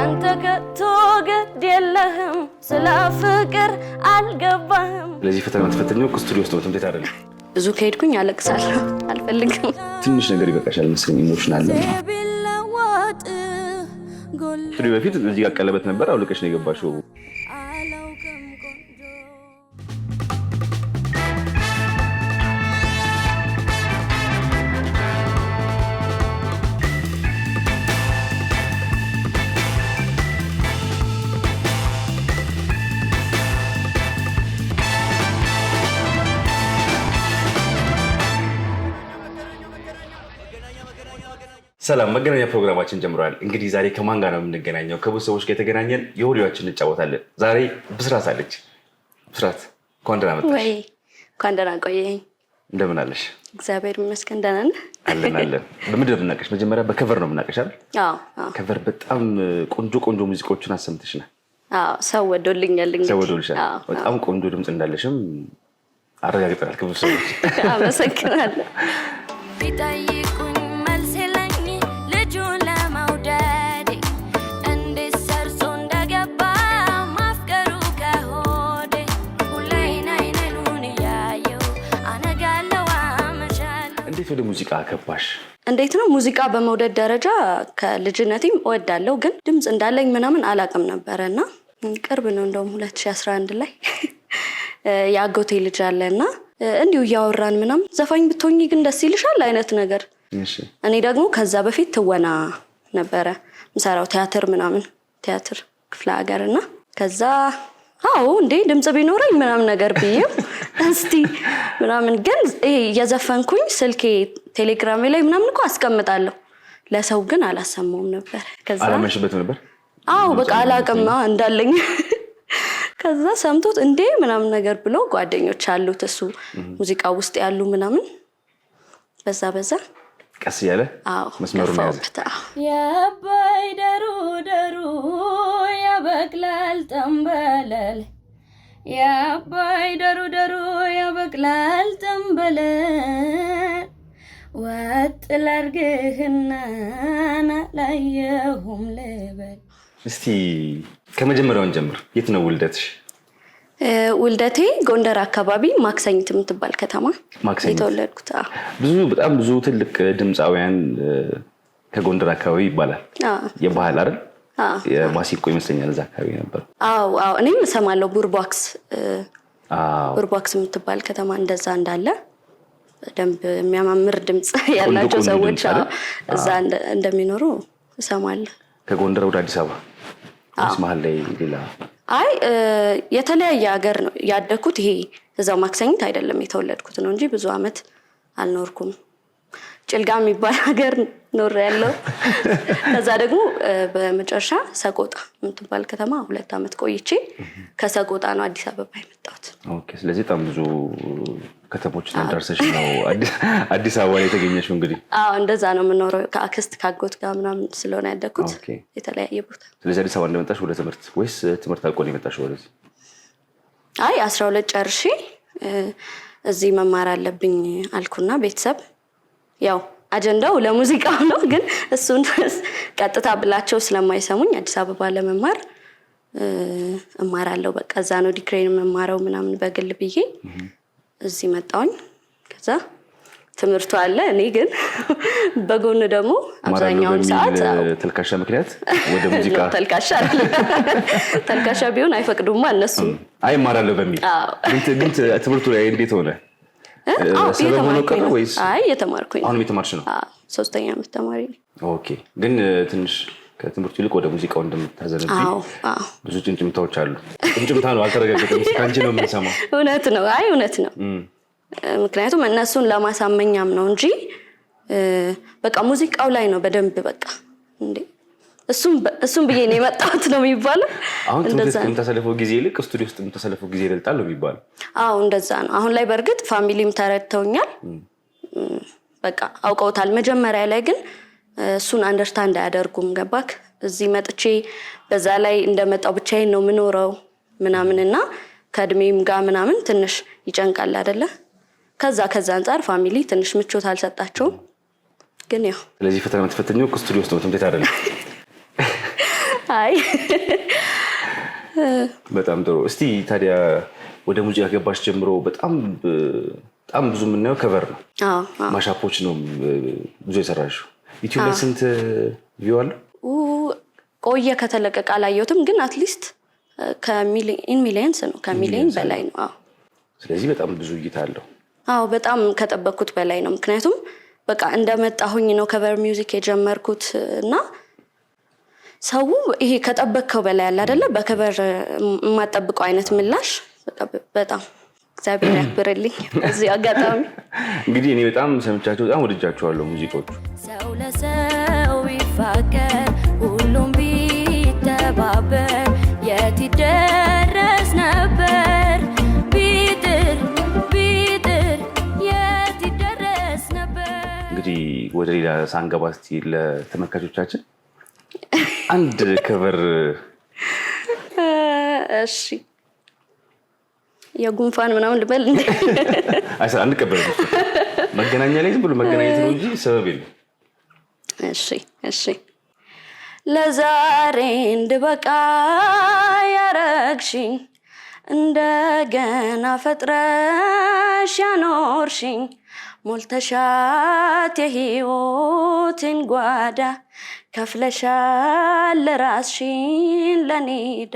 አንተ ከቶ ግድ የለህም፣ ስለ ፍቅር አልገባህም። ስለዚህ ፈተና ተፈተኛው ስቱዲዮ ውስጥ ትምህርት ቤት አይደለም። ብዙ ከሄድኩኝ አለቅሳለሁ፣ አልፈልግም። ትንሽ ነገር ይበቃሻል መሰለኝ። ኢሞሽናል ስቱዲዮ በፊት እዚህ ጋር ቀለበት ነበር፣ አውልቀሽ ነው የገባሽው። ሰላም መገናኛ ፕሮግራማችን ጀምረዋል። እንግዲህ ዛሬ ከማን ጋር ነው የምንገናኘው? ከብዙ ሰዎች ጋር የተገናኘን የወሬዎችን እንጫወታለን። ዛሬ ብስራት አለች። ብስራት እንኳን ደህና መጣሽ። ወይ እንኳን ደህና ቆየኝ። እንደምን አለሽ? እግዚአብሔር ይመስገን ደህና ነህ? አለን አለን። በምንድን ነው የምናውቀሽ? መጀመሪያ በከቨር ነው የምናውቀሽ አይደል? ከቨር በጣም ቆንጆ ቆንጆ ሙዚቃዎችን አሰምተሽናል። ሰው ወዶልኛል። ሰው ወዶልሻል። በጣም ቆንጆ ድምፅ እንዳለሽም አረጋግጠናል። ከብዙ ሰዎች አመሰግናለሁ። ወደ ሙዚቃ ገባሽ? እንዴት ነው ሙዚቃ በመውደድ ደረጃ ከልጅነቴም እወዳለሁ፣ ግን ድምፅ እንዳለኝ ምናምን አላውቅም ነበረ እና ቅርብ ነው እንደውም 2011 ላይ የአጎቴ ልጅ አለ እና እንዲሁ እያወራን ምናምን ዘፋኝ ብትሆኝ ግን ደስ ይልሻል አይነት ነገር። እኔ ደግሞ ከዛ በፊት ትወና ነበረ ምሰራው ቲያትር ምናምን ቲያትር ክፍለ ሀገር እና ከዛ አዎ እንዴ ድምፅ ቢኖረኝ ምናምን ነገር ብዬም እስቲ ምናምን ግን እየዘፈንኩኝ ስልኬ ቴሌግራሜ ላይ ምናምን እኮ አስቀምጣለሁ። ለሰው ግን አላሰማውም ነበር። አላመሽበት ነበር። አዎ በቃ አላቅማ እንዳለኝ ከዛ ሰምቶት እንዴ ምናምን ነገር ብሎ ጓደኞች አሉት እሱ ሙዚቃ ውስጥ ያሉ ምናምን በዛ በዛ ቀስ እያለ መስመሩ ያዘ። የአባይ ደሩ ደሩ ያበቅላል ጠንበለል የአባይ ደሩ ደሩ ያበቅላል ጠንበለል ወጥ ለርግህና ላየሁም ልበል። እስቲ ከመጀመሪያውን ጀምር። የት ነው ውልደትሽ? ውልደቴ ጎንደር አካባቢ ማክሰኝት የምትባል ከተማ የተወለድኩት። ብዙ በጣም ብዙ ትልቅ ድምፃውያን ከጎንደር አካባቢ ይባላል። የባህል አይደል? ማሲንቆ ይመስለኛል እዛ አካባቢ ነበር። አዎ አዎ፣ እኔም እሰማለሁ። ቡርቧክስ ቡርቧክስ የምትባል ከተማ እንደዛ እንዳለ በደንብ የሚያማምር ድምፅ ያላቸው ሰዎች እዛ እንደሚኖሩ እሰማለሁ። ከጎንደር ወደ አዲስ አበባ መሀል ላይ ሌላ አይ የተለያየ ሀገር ነው ያደግኩት። ይሄ እዛው ማክሰኝት አይደለም የተወለድኩት ነው እንጂ ብዙ አመት አልኖርኩም። ጭልጋ የሚባል ሀገር ኖር ያለው ከዛ ደግሞ በመጨረሻ ሰቆጣ የምትባል ከተማ ሁለት ዓመት ቆይቼ ከሰቆጣ ነው አዲስ አበባ የመጣሁት። ስለዚህ በጣም ብዙ ከተሞች ደርሰሽ ነው አዲስ አበባ የተገኘሽው። እንግዲህ አዎ፣ እንደዛ ነው የምኖረው ከአክስት ከአጎት ጋር ምናምን ስለሆነ ያደግኩት የተለያየ ቦታ። ስለዚህ አዲስ አበባ እንደመጣሽ ወደ ትምህርት ወይስ ትምህርት አልቆ የመጣሽ ወደዚህ? አይ አስራ ሁለት ጨርሼ እዚህ መማር አለብኝ አልኩና ቤተሰብ ያው አጀንዳው ለሙዚቃው ነው፣ ግን እሱን ቀጥታ ብላቸው ስለማይሰሙኝ አዲስ አበባ ለመማር እማራለሁ። በቃ እዛ ነው ዲክሬን የምማረው ምናምን በግል ብዬ እዚህ መጣውኝ። ከዛ ትምህርቱ አለ። እኔ ግን በጎን ደግሞ አብዛኛውን ሰዓት ተልካሻ ምክንያት ወደ ሙዚቃ ተልካሻ ተልካሻ ቢሆን አይፈቅዱማ እነሱ አይማራለሁ በሚል ግን ትምህርቱ ላይ እንዴት ሆነ? ቀረ ወይስ የተማርኩኝ አሁንም የተማርች ነው። ሶስተኛ ዓመት ተማሪ ኦኬ። ግን ትንሽ ከትምህርቱ ይልቅ ወደ ሙዚቃው እንደምታዘነ ብዙ ጭምጭምታዎች አሉ። ጭምጭምታ ነው አልተረጋገጠም፣ ከአንቺ ነው የምንሰማው። እውነት ነው። አይ እውነት ነው። ምክንያቱም እነሱን ለማሳመኛም ነው እንጂ በቃ ሙዚቃው ላይ ነው በደንብ በቃ እንዴ እሱም ብዬ ነው የመጣሁት ነው የሚባለው። አሁን የምታሳልፈው ጊዜ ይልቅ ስቱዲዮ ውስጥ የምታሳልፈው ጊዜ ይበልጣል ነው የሚባለው። አዎ እንደዛ ነው። አሁን ላይ በእርግጥ ፋሚሊም ተረድተውኛል፣ በቃ አውቀውታል። መጀመሪያ ላይ ግን እሱን አንደርስታንድ አያደርጉም። ገባክ? እዚህ መጥቼ በዛ ላይ እንደመጣው ብቻዬን ነው የምኖረው ምናምን እና ከእድሜም ጋር ምናምን ትንሽ ይጨንቃል አይደለ? ከዛ ከዛ አንጻር ፋሚሊ ትንሽ ምቾት አልሰጣቸውም። ግን ያው ስለዚህ ፈተና የምትፈተኘው ስቱዲዮ ውስጥ ነው ትምህርት ቤት አይደለም። አይ በጣም ጥሩ። እስቲ ታዲያ ወደ ሙዚቃ ገባሽ ጀምሮ በጣም በጣም ብዙ የምናየው ከቨር ነው፣ ማሻፖች ነው ብዙ የሰራሽው። ዩቲዩብ ላይ ስንት ቪው አለ? ቆየ ከተለቀቀ አላየሁትም፣ ግን አትሊስት ሚሊየንስ ነው ከሚሊየን በላይ ነው። ስለዚህ በጣም ብዙ እይታ አለው። አዎ በጣም ከጠበቅኩት በላይ ነው። ምክንያቱም በቃ እንደመጣሁኝ ነው ከቨር ሚውዚክ የጀመርኩት እና ሰው ይሄ ከጠበቅከው በላይ ያለ አይደለ? በክብር የማጠብቀው አይነት ምላሽ በጣም እግዚአብሔር ያክብርልኝ። እዚህ አጋጣሚ እንግዲህ እኔ በጣም ሰምቻቸው በጣም ወድጃቸዋለሁ ሙዚቆቹ። ሰው ለሰው ይፋቀር፣ ሁሉም ቢተባበር የት ይደረስ ነበር? ቢጥር ቢጥር የት ይደረስ ነበር? እንግዲህ ወደ ሌላ ሳንገባ እስኪ ለተመልካቾቻችን አንድ ክብር። እሺ የጉንፋን ምናምን ልበል አንቀበል። መገናኛ ላይ ዝም ብሎ መገናኘት ነው እንጂ ሰበብ የለም። እሺ እሺ ለዛሬ እንድበቃ ያረግሽኝ እንደገና ፈጥረሽ ያኖርሽኝ ሞልተሻት የህይወትን ጓዳ ከፍለሻል ራስሽን ለኔዳ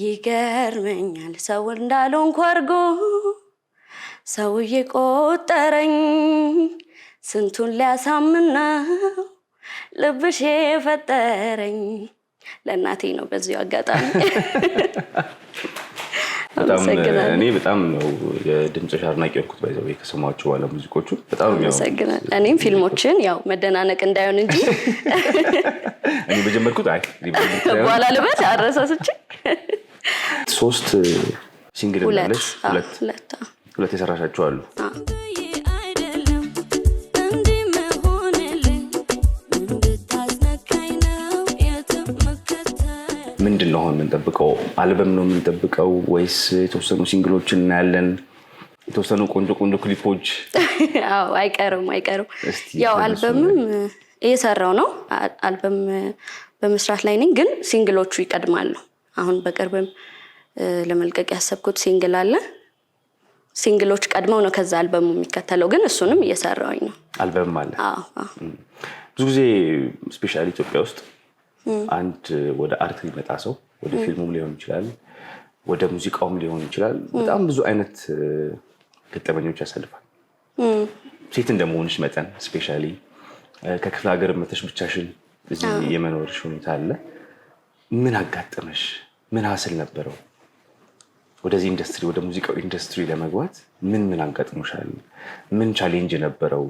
ይገርመኛል ሰው እንዳልሆንኩ አድርጎ ሰው የቆጠረኝ ስንቱን ሊያሳምን ልብሽ የፈጠረኝ ለእናቴ ነው። በዚሁ አጋጣሚ እኔ በጣም ነው የድምፅሽ አድናቂ የሆንኩት። ባይዘ ከሰማችሁ በኋላ ሙዚቆቹ በጣም ያመሰግናል። እኔም ፊልሞችን ያው መደናነቅ እንዳይሆን እንጂ እኔ በጀመርኩት አይ በኋላ ልበት አረሳስች ሶስት ሲንግል ሁለት ሁለት የሰራሻቸው አሉ ምንድን ነው የምንጠብቀው? አልበም ነው የምንጠብቀው ወይስ የተወሰኑ ሲንግሎችን እናያለን? የተወሰኑ ቆንጆ ቆንጆ ክሊፖች አይቀርም አይቀርም። ያው አልበምም እየሰራው ነው። አልበም በመስራት ላይ ነኝ፣ ግን ሲንግሎቹ ይቀድማሉ። አሁን በቅርብም ለመልቀቅ ያሰብኩት ሲንግል አለ። ሲንግሎች ቀድመው ነው ከዛ አልበሙ የሚከተለው፣ ግን እሱንም እየሰራውኝ ነው። አልበም አለ ብዙ ጊዜ ስፔሻሊ ኢትዮጵያ ውስጥ አንድ ወደ አርት ሊመጣ ሰው ወደ ፊልሙም ሊሆን ይችላል፣ ወደ ሙዚቃውም ሊሆን ይችላል። በጣም ብዙ አይነት ገጠመኞች ያሳልፋል። ሴት እንደመሆንሽ መጠን ስፔሻሊ ከክፍለ ሀገር መተሽ ብቻሽን እዚህ የመኖርሽ ሁኔታ አለ። ምን አጋጠመሽ? ምን ሀስል ነበረው ወደዚህ ኢንዱስትሪ ወደ ሙዚቃው ኢንዱስትሪ ለመግባት ምን ምን አጋጥሞሻል? ምን ቻሌንጅ ነበረው?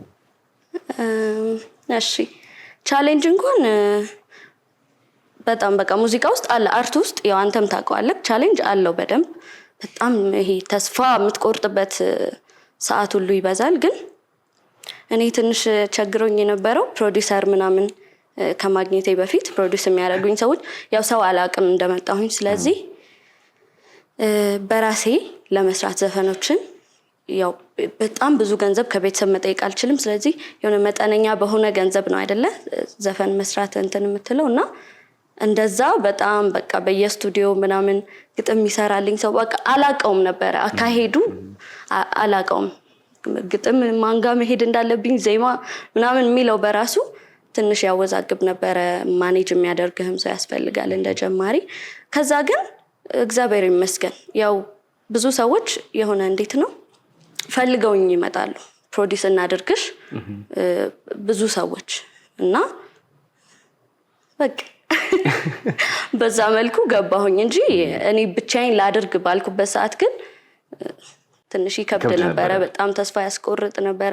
እሺ ቻሌንጅ እንኳን በጣም በቃ ሙዚቃ ውስጥ አለ አርት ውስጥ ያው አንተም ታውቀዋለህ፣ ቻሌንጅ አለው በደንብ በጣም ይሄ ተስፋ የምትቆርጥበት ሰዓት ሁሉ ይበዛል። ግን እኔ ትንሽ ቸግሮኝ የነበረው ፕሮዲሰር ምናምን ከማግኘቴ በፊት ፕሮዲስ የሚያደርጉኝ ሰዎች ያው ሰው አላውቅም እንደመጣሁኝ። ስለዚህ በራሴ ለመስራት ዘፈኖችን ያው በጣም ብዙ ገንዘብ ከቤተሰብ መጠየቅ አልችልም። ስለዚህ የሆነ መጠነኛ በሆነ ገንዘብ ነው አይደለ ዘፈን መስራት እንትን የምትለው እና እንደዛ በጣም በቃ በየስቱዲዮ ምናምን ግጥም ይሰራልኝ ሰው በቃ አላቀውም ነበረ አካሄዱ አላቀውም። ግጥም ማንጋ መሄድ እንዳለብኝ ዜማ ምናምን የሚለው በራሱ ትንሽ ያወዛግብ ነበረ። ማኔጅ የሚያደርግህም ሰው ያስፈልጋል እንደ ጀማሪ። ከዛ ግን እግዚአብሔር ይመስገን ያው ብዙ ሰዎች የሆነ እንዴት ነው ፈልገውኝ ይመጣሉ። ፕሮዲስ እናድርግሽ ብዙ ሰዎች እና በቃ በዛ መልኩ ገባሁኝ እንጂ እኔ ብቻዬን ላድርግ ባልኩበት ሰዓት ግን ትንሽ ይከብድ ነበረ። በጣም ተስፋ ያስቆርጥ ነበረ።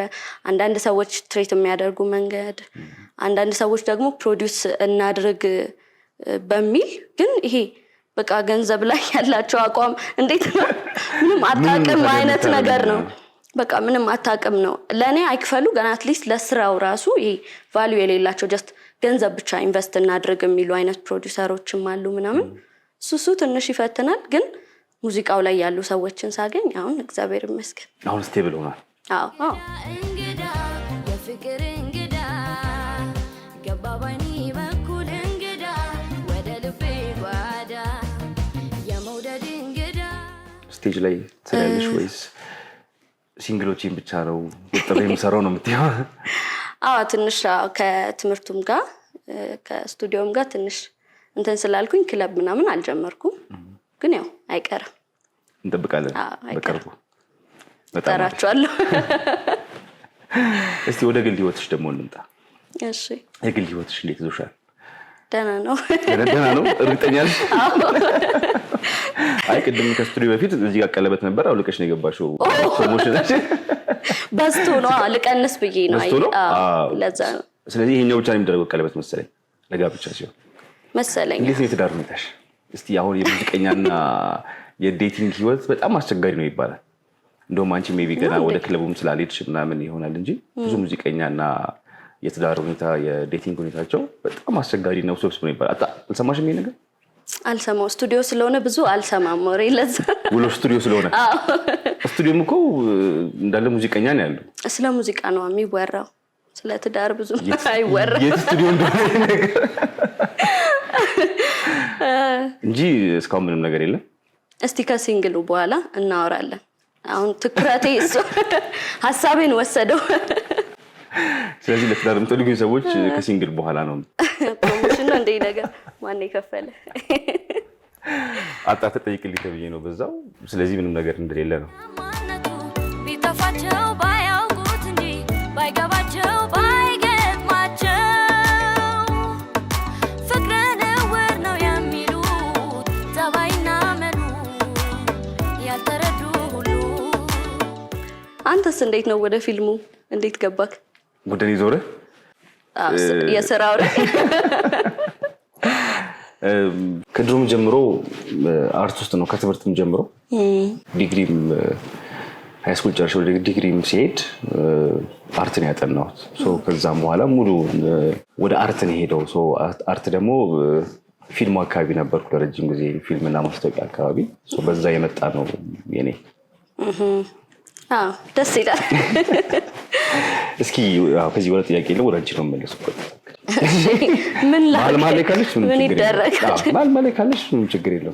አንዳንድ ሰዎች ትሬት የሚያደርጉ መንገድ፣ አንዳንድ ሰዎች ደግሞ ፕሮዲውስ እናድርግ በሚል ግን ይሄ በቃ ገንዘብ ላይ ያላቸው አቋም እንዴት ነው ምንም አታውቅም አይነት ነገር ነው። በቃ ምንም አታውቅም ነው። ለእኔ አይክፈሉ ገና አትሊስት ለስራው ራሱ ይሄ ቫሊዩ የሌላቸው ጀስት ገንዘብ ብቻ ኢንቨስት እናድርግ የሚሉ አይነት ፕሮዲውሰሮችም አሉ ምናምን። ሱሱ ትንሽ ይፈትናል፣ ግን ሙዚቃው ላይ ያሉ ሰዎችን ሳገኝ አሁን እግዚአብሔር ይመስገን አሁን ስቴብል ሆኗል። ስቴጅ ላይ ትላለሽ ወይስ ሲንግሎችን ብቻ ነው ቁጥር የምሰራው ነው የምትይው? አዎ ትንሽ ከትምህርቱም ጋር ከስቱዲዮም ጋር ትንሽ እንትን ስላልኩኝ ክለብ ምናምን አልጀመርኩም፣ ግን ያው አይቀርም። እንጠብቃለን፣ በቅርቡ እጠራችኋለሁ። እስቲ ወደ ግል ህይወትሽ ደግሞ እንምጣ። እሺ፣ የግል ህይወትሽ እንዴት ይዞሻል? ደህና ነው፣ ደህና ነው። እርግጠኛ ነሽ? አይ ቅድም ከስቱዲዮ በፊት እዚህ ጋር ቀለበት ነበር አውልቀሽ ነው የገባሽው። ፕሮሞሽን በስቱ ነው ልቀንስ ብዬ ነው። ለዛ ነው። ስለዚህ ይሄኛው ብቻ ነው የሚደረገው ቀለበት መሰለኝ ለጋብቻ ሲሆን መሰለኝ። እንዴት ነው የትዳር ሁኔታሽ? እስቲ አሁን የሙዚቀኛና የዴቲንግ ህይወት በጣም አስቸጋሪ ነው ይባላል። እንደውም አንቺ ሜይ ቢ ገና ወደ ክለቡም ስላልሄድሽ ምናምን ይሆናል እንጂ ብዙ ሙዚቀኛና የትዳር ሁኔታ የዴቲንግ ሁኔታቸው በጣም አስቸጋሪ ነው ስብስብ ነው ይባላል። አልሰማሽም ይሄ ነገር? አልሰማው ስቱዲዮ ስለሆነ ብዙ አልሰማም ወሬ ለዛ ውሎ ስቱዲዮ ስለሆነ ስቱዲዮም እኮ እንዳለ ሙዚቀኛ ነው ያለው ስለ ሙዚቃ ነው የሚወራው ስለ ትዳር ብዙ አይወራም የት ስቱዲዮ እንደሆነ እንጂ እስካሁን ምንም ነገር የለም እስቲ ከሲንግሉ በኋላ እናወራለን አሁን ትኩረቴ እሱ ሀሳቤን ወሰደው ስለዚህ ለትዳር የምትፈልጉኝ ሰዎች ከሲንግል በኋላ ነው አለ እንደ ነገር ማን የከፈለ አጣ ተጠይቅልኝ ተብዬ ነው በዛው። ስለዚህ ምንም ነገር እንደሌለ ነው ቢጠፋቸው ባያውቁት እንጂ ባይገባቸው ባይገጥማቸው ነውር ነው የሚሉ ጠባይና ያልተረዱ ሁሉ። አንተስ እንዴት ነው? ወደ ፊልሙ እንዴት ገባክ? ጉደን እኔ የስራው ከድሮም ጀምሮ አርት ውስጥ ነው። ከትምህርትም ጀምሮ ዲግሪም ሃይስኩል ጨርሼ ወደ ዲግሪም ሲሄድ አርትን ያጠናሁት። ከዛም በኋላ ሙሉ ወደ አርትን ሄደው አርት ደግሞ ፊልሙ አካባቢ ነበርኩ ለረጅም ጊዜ ፊልምና ማስታወቂያ አካባቢ በዛ የመጣ ነው የኔ ደስ ይላል። እስኪ ከዚህ በኋላ ጥያቄ ለ ወደ አንቺ ነው የምመለስበት። ምን ላይ ካለሽ ምን ይደረጋል? ማል ማል ካለሽ ምን ችግር የለው።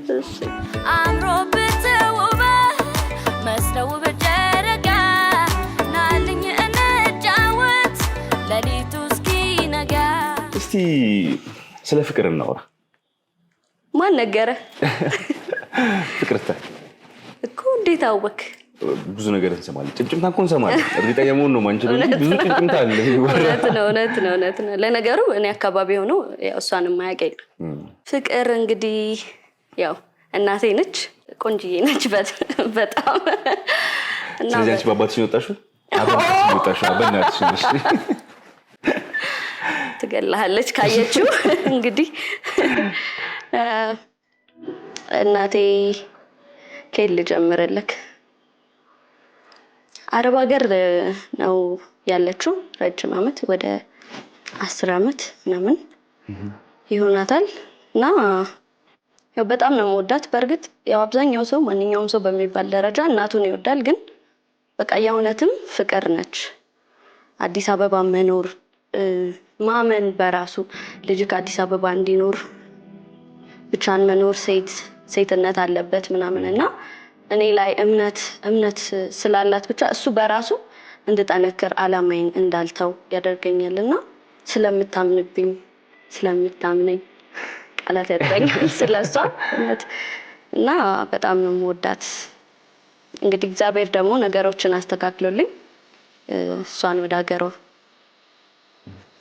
እስቲ ስለ ፍቅር እናውራ። ማን ነገረ? ፍቅርተ እኮ እንዴት አወክ? ብዙ ነገር እንሰማለን። ጭምጭምታ እኮ እንሰማለን። እርግጠኛ መሆን ነው ማንችል። ብዙ ጭምጭምታ አለ። እውነት ነው፣ እውነት ነው፣ እውነት ነው። ለነገሩ እኔ አካባቢ ሆኖ እሷን የማያውቅ የለም። ፍቅር እንግዲህ ያው እናቴ ነች፣ ቆንጅዬ ነች በጣም ስለዚህ አንቺ በአባትሽ የወጣሽው? ወጣሽው በእናትሽ ነሽ ትገላለች ካየችው እንግዲህ እናቴ ከየት ልጀምርልክ? አረብ ሀገር ነው ያለችው። ረጅም አመት ወደ አስር አመት ምናምን ይሆናታል እና ያው በጣም ነው መወዳት። በእርግጥ ያው አብዛኛው ሰው ማንኛውም ሰው በሚባል ደረጃ እናቱን ይወዳል። ግን በቃ የእውነትም ፍቅር ነች። አዲስ አበባ መኖር ማመን በራሱ ልጅ ከአዲስ አበባ እንዲኖር ብቻን መኖር ሴት ሴትነት አለበት ምናምን እና እኔ ላይ እምነት እምነት ስላላት ብቻ እሱ በራሱ እንድጠነክር አላማዬን እንዳልተው ያደርገኛል እና ስለምታምንብኝ ስለምታምነኝ ቃላት ያጥረኛል ስለሷ እምነት እና በጣም ነው የምወዳት። እንግዲህ እግዚአብሔር ደግሞ ነገሮችን አስተካክሎልኝ እሷን ወደ ሀገሯ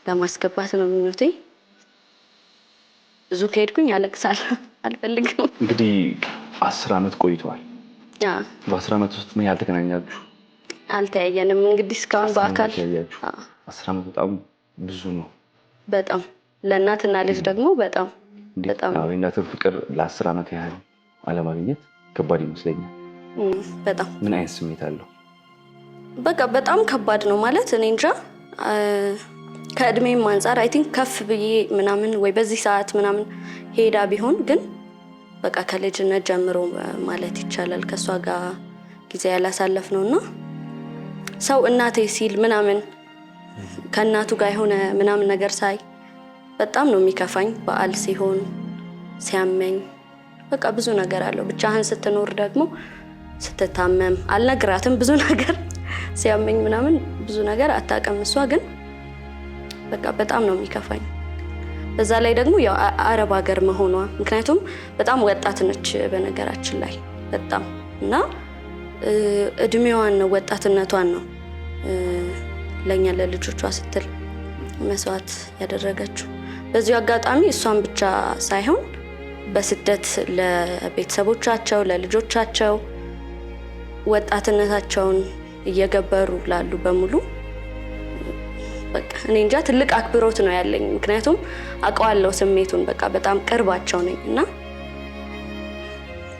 ለማስገባት ነው ምኞቴ። ብዙ ከሄድኩኝ ያለቅሳል አልፈልግም። እንግዲህ አስር አመት ቆይተዋል። በአስር ዓመት ውስጥ ምን ያህል ተገናኛችሁ? አልተያየንም። እንግዲህ እስካሁን በአካል አስር ዓመት በጣም ብዙ ነው። በጣም ለእናትና ልጅ ደግሞ በጣም በጣም የእናትን ፍቅር ለአስር ዓመት ያህል አለማግኘት ከባድ ይመስለኛል። በጣም ምን አይነት ስሜት አለው? በቃ በጣም ከባድ ነው ማለት እኔ እንጃ ከእድሜም አንጻር አይ ቲንክ ከፍ ብዬ ምናምን ወይ በዚህ ሰዓት ምናምን ሄዳ ቢሆን ግን በቃ ከልጅነት ጀምሮ ማለት ይቻላል ከእሷ ጋር ጊዜ ያላሳለፍ ነው እና ሰው እናቴ ሲል ምናምን ከእናቱ ጋር የሆነ ምናምን ነገር ሳይ በጣም ነው የሚከፋኝ። በዓል ሲሆን ሲያመኝ፣ በቃ ብዙ ነገር አለው። ብቻህን ስትኖር ደግሞ ስትታመም አልነግራትም። ብዙ ነገር ሲያመኝ ምናምን ብዙ ነገር አታውቅም እሷ ግን በቃ በጣም ነው የሚከፋኝ። በዛ ላይ ደግሞ ያው አረብ ሀገር መሆኗ ምክንያቱም በጣም ወጣት ነች በነገራችን ላይ በጣም እና እድሜዋን ነው ወጣትነቷን ነው ለእኛ ለልጆቿ ስትል መስዋዕት ያደረገችው። በዚሁ አጋጣሚ እሷን ብቻ ሳይሆን በስደት ለቤተሰቦቻቸው ለልጆቻቸው ወጣትነታቸውን እየገበሩ ላሉ በሙሉ በቃ እኔ እንጃ ትልቅ አክብሮት ነው ያለኝ። ምክንያቱም አውቀዋለሁ ስሜቱን በቃ በጣም ቅርባቸው ነኝ እና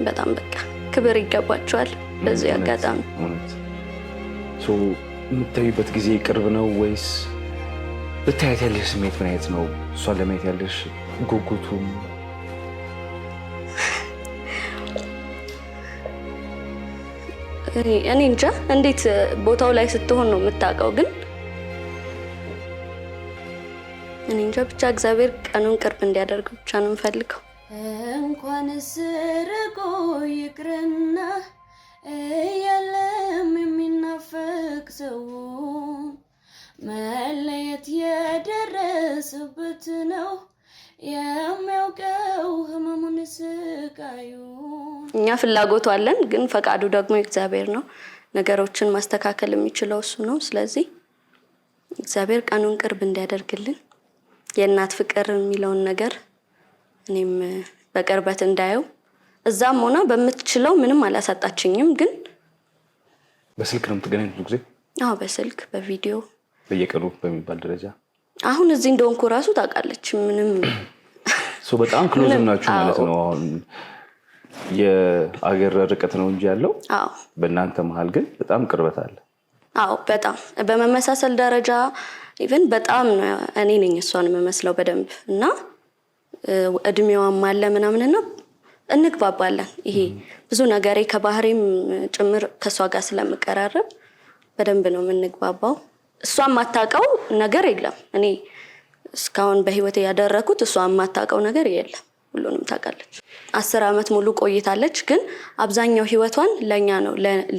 በጣም በቃ ክብር ይገባቸዋል። በዚህ አጋጣሚ የምታዩበት ጊዜ ቅርብ ነው ወይስ ልታያት ያለሽ ስሜት ምን አይነት ነው? እሷን ለማየት ያለሽ ጉጉቱም እኔ እንጃ እንዴት ቦታው ላይ ስትሆን ነው የምታውቀው ግን እኔ እንጃ ብቻ እግዚአብሔር ቀኑን ቅርብ እንዲያደርግ ብቻ ነው የምፈልገው። እንኳን ስርቆ ይቅርና እያለም የሚናፈቅ ሰው መለየት የደረሰበት ነው የሚያውቀው ህመሙን ስቃዩ። እኛ ፍላጎቱ አለን፣ ግን ፈቃዱ ደግሞ እግዚአብሔር ነው። ነገሮችን ማስተካከል የሚችለው እሱ ነው። ስለዚህ እግዚአብሔር ቀኑን ቅርብ እንዲያደርግልን የእናት ፍቅር የሚለውን ነገር እኔም በቅርበት እንዳየው እዛም ሆና በምትችለው ምንም አላሳጣችኝም። ግን በስልክ ነው የምትገናኝ ብዙ ጊዜ? አዎ በስልክ በቪዲዮ በየቀኑ በሚባል ደረጃ። አሁን እዚህ እንደሆንኩ እራሱ ታውቃለች። ምንም በጣም ክሎዝ ናችሁ ማለት ነው። አሁን የአገር ርቀት ነው እንጂ ያለው በእናንተ መሀል ግን በጣም ቅርበት አለ። አዎ በጣም በመመሳሰል ደረጃ ኢቨን በጣም እኔ ነኝ እሷን የምመስለው በደንብ እና እድሜዋም አለ ነው እንግባባለን። ይሄ ብዙ ነገሬ ከባህሬም ጭምር ከእሷ ጋር ስለምቀራረብ በደንብ ነው የምንግባባው። እሷ የማታውቀው ነገር የለም። እኔ እስካሁን በህይወት ያደረኩት እሷ የማታውቀው ነገር የለም። ሁሉንም ታውቃለች። አስር ዓመት ሙሉ ቆይታለች። ግን አብዛኛው ህይወቷን ለእኛ ነው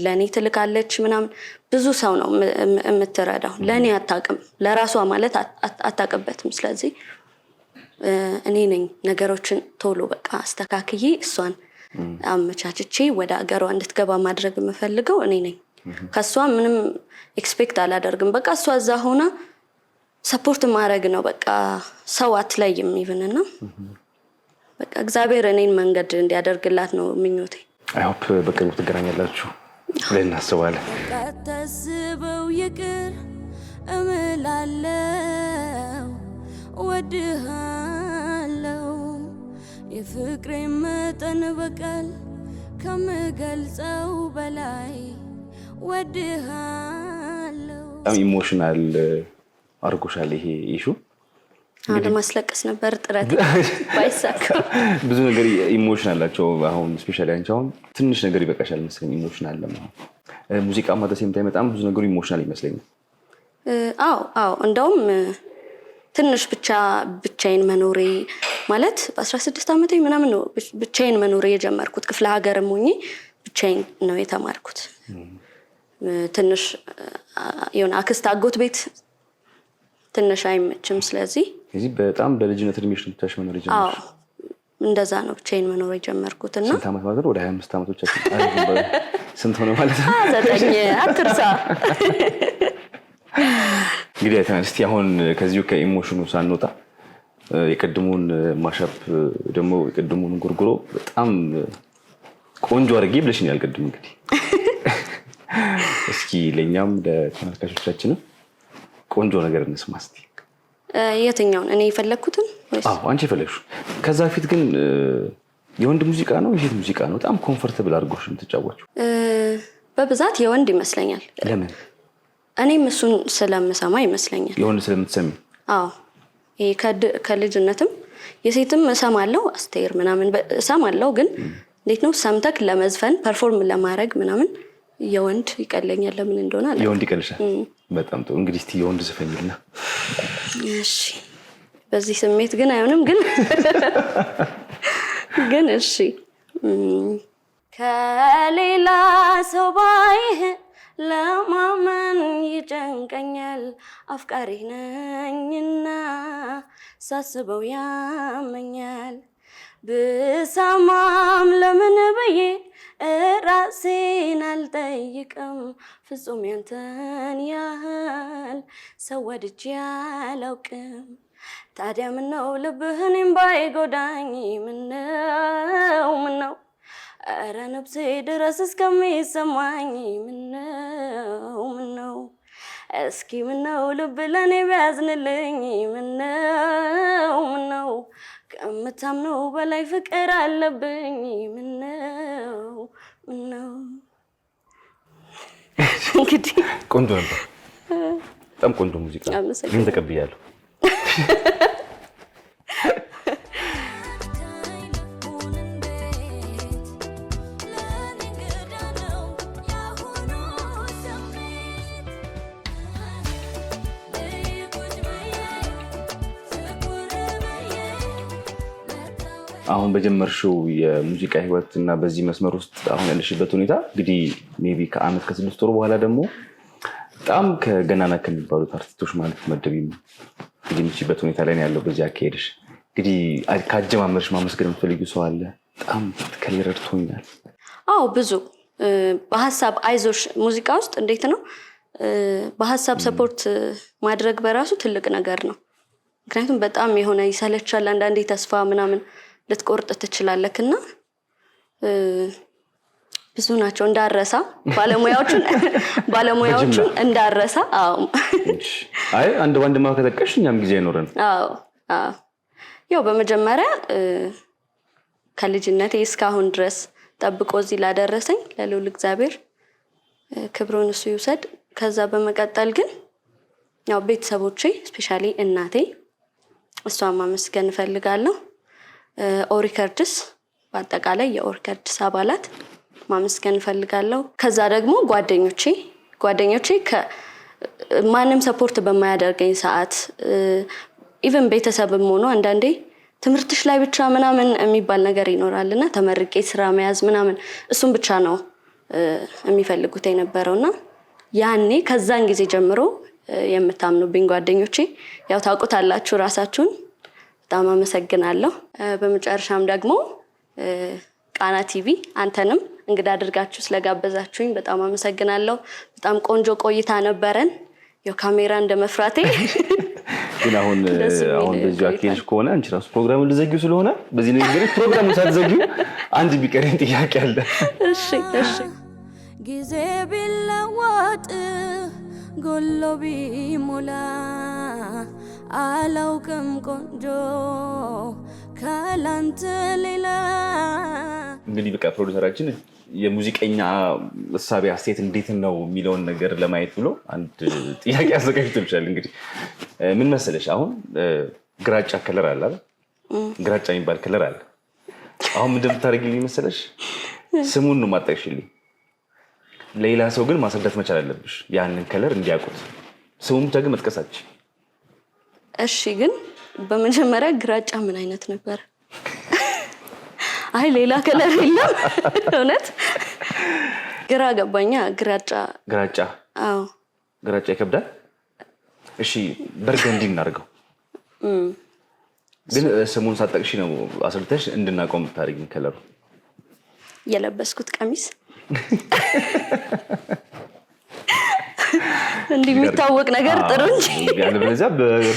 ለእኔ ትልካለች ምናምን። ብዙ ሰው ነው የምትረዳው። ለእኔ አታውቅም፣ ለራሷ ማለት አታውቅበትም። ስለዚህ እኔ ነኝ ነገሮችን ቶሎ በቃ አስተካክዬ እሷን አመቻችቼ ወደ አገሯ እንድትገባ ማድረግ የምፈልገው እኔ ነኝ። ከእሷ ምንም ኤክስፔክት አላደርግም። በቃ እሷ እዛ ሆና ሰፖርት ማድረግ ነው። በቃ ሰው አትለይም ይብንና በቃ እግዚአብሔር እኔን መንገድ እንዲያደርግላት ነው ምኞቴ። አይሆፕ በቅርቡ ትገናኛላችሁ ብለን እናስባለን። ታስበው ይቅር እምላለው ወድሃለው የፍቅሬ መጠን በቃል ከምገልጸው በላይ ወድሃለው። በጣም ኢሞሽናል አድርጎሻል ይሄ ኢሹ ለማስለቀስ ነበር ጥረት ባይሳካ። ብዙ ነገር ኢሞሽን አላቸው። አሁን ስፔሻሊ አንቺ አሁን ትንሽ ነገር ይበቃሻል መሰለኝ። ኢሞሽን አለ ሙዚቃ ማ ማተሴም ታይ በጣም ብዙ ነገሩ ኢሞሽናል ይመስለኛል። አዎ አዎ፣ እንደውም ትንሽ ብቻ ብቻዬን መኖሬ ማለት በ16 ዓመት ምናምን ነው ብቻዬን መኖሬ የጀመርኩት። ክፍለ ሀገርም ሆኜ ብቻዬን ነው የተማርኩት። ትንሽ የሆነ አክስት አጎት ቤት ትንሽ አይመችም። ስለዚህ እዚህ በጣም በልጅነት እድሜሽ ነው ብቻሽ መኖር የጀመርሽ? እንደዛ ነው ብቻዬን መኖር የጀመርኩት እና ስንት ዓመት ማለት ነው? ወደ ሀያ አምስት ዓመቶች ስንት ሆነ ማለት ነው? ዘጠኝ አትርሳ። እንግዲህ አይተናል። እስኪ አሁን ከዚሁ ከኢሞሽኑ ሳንወጣ የቅድሙን ማሻፕ ደግሞ የቅድሙን ጉርጉሮ በጣም ቆንጆ አድርጌ ብለሽኛል ቅድም። እንግዲህ እስኪ ለእኛም ለተመልካቾቻችንም ቆንጆ ነገር እንስማ እስኪ። የትኛውን እኔ የፈለግኩትን? አንቺ የፈለግሽው። ከዛ ፊት ግን የወንድ ሙዚቃ ነው የሴት ሙዚቃ ነው? በጣም ኮምፎርተብል አድርጎሽ የምትጫወችው? በብዛት የወንድ ይመስለኛል። ለምን? እኔም እሱን ስለምሰማ ይመስለኛል። የወንድ ስለምትሰሚ? አዎ። ከልጅነትም የሴትም እሰማለሁ፣ አስቴር ምናምን እሰማለሁ። ግን እንዴት ነው ሰምተክ ለመዝፈን ፐርፎርም ለማድረግ ምናምን የወንድ ይቀለኛል። ለምን እንደሆነ አለ። የወንድ ይቀልሻል። በጣም ጥሩ። እንግዲህ እስቲ የወንድ ዝፈኝልና። እሺ። በዚህ ስሜት ግን አይሆንም። ግን ግን እሺ። ከሌላ ሰው ባይህ ለማመን ይጨንቀኛል አፍቃሪ ነኝና ሳስበው ያመኛል ብሰማም ለምን ብዬ ራሴን አልጠይቅም ፍጹም ያንተን ያህል ሰው ወድጄ አላውቅም። ታዲያ ምነው ልብህን እምባዬ ጎዳኝ? ምነው ምነው እረ ነብሴ ድረስ እስከሚሰማኝ ምነው ምነው እስኪ ምነው ልብ ለኔ ቢያዝንልኝ ምነው ምነው ከምታምነው በላይ ፍቅር አለብኝ። ምነው ምነው። እንግዲህ ቆንጆ ነበር፣ በጣም ቆንጆ ሙዚቃ። ምን ተቀብያለሁ አሁን በጀመርሽው የሙዚቃ ህይወት እና በዚህ መስመር ውስጥ አሁን ያለሽበት ሁኔታ እንግዲህ ሜይ ቢ ከአመት ከስድስት ወር በኋላ ደግሞ በጣም ከገናና ከሚባሉት አርቲስቶች ማለት መደብ የሚችበት ሁኔታ ላይ ያለው በዚህ አካሄድሽ እንግዲህ ከአጀማመርሽ ማመስገን የምትፈልጊው ሰው አለ? በጣም ከሌ ረድቶኛል። አዎ ብዙ በሀሳብ አይዞሽ ሙዚቃ ውስጥ እንዴት ነው በሀሳብ ሰፖርት ማድረግ በራሱ ትልቅ ነገር ነው። ምክንያቱም በጣም የሆነ ይሰለቻል አንዳንዴ ተስፋ ምናምን ልትቆርጥ ትችላለክ እና ብዙ ናቸው እንዳረሳ ባለሙያዎቹን ባለሙያዎቹን እንዳረሳ። አይ አንድ ባንድ ማ ከጠቀሽ እኛም ጊዜ አይኖረን። አዎ ያው በመጀመሪያ ከልጅነቴ እስካሁን ድረስ ጠብቆ እዚህ ላደረሰኝ ለልዑል እግዚአብሔር ክብሩን እሱ ይውሰድ። ከዛ በመቀጠል ግን ያው ቤተሰቦቼ ስፔሻሊ እናቴ እሷ ማመስገን እፈልጋለሁ። ኦሪከርድስ በአጠቃላይ የኦሪከርድስ አባላት ማመስገን እፈልጋለሁ። ከዛ ደግሞ ጓደኞቼ ጓደኞቼ ማንም ሰፖርት በማያደርገኝ ሰዓት ኢቨን ቤተሰብም ሆኖ አንዳንዴ ትምህርትሽ ላይ ብቻ ምናምን የሚባል ነገር ይኖራል እና ተመርቄ ስራ መያዝ ምናምን እሱን ብቻ ነው የሚፈልጉት የነበረው እና ያኔ ከዛን ጊዜ ጀምሮ የምታምኑብኝ ጓደኞቼ ያው ታውቁታላችሁ ራሳችሁን በጣም አመሰግናለሁ። በመጨረሻም ደግሞ ቃና ቲቪ አንተንም እንግዳ አድርጋችሁ ስለጋበዛችሁኝ በጣም አመሰግናለሁ። በጣም ቆንጆ ቆይታ ነበረን። ያው ካሜራ እንደመፍራቴ ግን አሁን አሁን በዚህ አካሄድሽ ከሆነ አንቺ ራሱ ፕሮግራሙን ልዘጊው ስለሆነ በዚህ ንግግሮች ፕሮግራሙ ሳትዘጊው አንድ ቢቀረኝ ጥያቄ አለ። እሺ እሺ። ጊዜ ቢለወጥ ጎሎ ቢሞላ አላውቅም ቆንጆ ካላንተ ሌላ። እንግዲህ በቃ ፕሮዲሰራችን የሙዚቀኛ እሳቤ አስተያየት እንዴት ነው የሚለውን ነገር ለማየት ብሎ አንድ ጥያቄ አዘጋጅቶልሻል። እንግዲህ ምን መሰለሽ አሁን ግራጫ ከለር አለ ግራጫ የሚባል ከለር አለ። አሁን ምንድን መሰለሽ ስሙን ነው የማጠቅሽልኝ። ሌላ ሰው ግን ማስረዳት መቻል አለብሽ ያንን ከለር እንዲያውቁት። ስሙን ብቻ ግን መጥቀሳች እሺ፣ ግን በመጀመሪያ ግራጫ ምን አይነት ነበር? አይ ሌላ ከለር የለም። እውነት ግራ ገባኛ። ግራጫ ግራጫ። አዎ ግራጫ ይከብዳል። እሺ፣ በርገንዲ እናድርገው። ግን ስሙን ሳጠቅሽ ነው አስርተሽ እንድናውቀው የምታደርጊኝ ከለሩ የለበስኩት ቀሚስ እንደሚታወቅ ነገር ጥሩ እንጂ ያለበለዚያ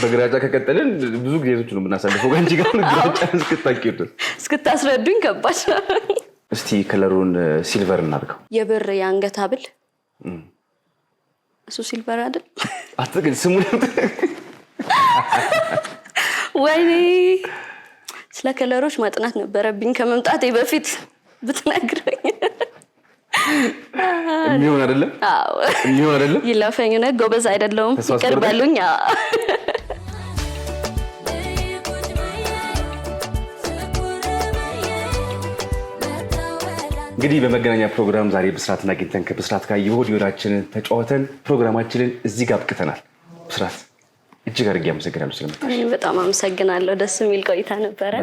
በግራጫ ከቀጠልን ብዙ ጊዜቶች ነው የምናሳልፈው ከአንቺ ጋር ግራጫ እስክታቂዱ እስክታስረዱኝ ከባድ ነው። እስቲ ከለሩን ሲልቨር እናድርገው። የብር የአንገት ሀብል እሱ ሲልቨር አይደል? አትግል ስሙ ወይኔ፣ ስለ ከለሮች ማጥናት ነበረብኝ ከመምጣቴ በፊት ብትነግረኝ የሚሆን አይደለም የሚሆን አይደለም። ይለፈኝ ነው ጎበዝ አይደለውም ይቀርበሉኝ እንግዲህ በመገናኛ ፕሮግራም ዛሬ ብስራትን አግኝተን ከብስራት ጋር የሆድ ወዳችንን ተጫወተን ፕሮግራማችንን እዚህ ጋር ብቅተናል ብስራት እጅግ አድርጌ አመሰግናለሁ ስለመጣሽ። በጣም አመሰግናለሁ። ደስ የሚል ቆይታ ነበረ።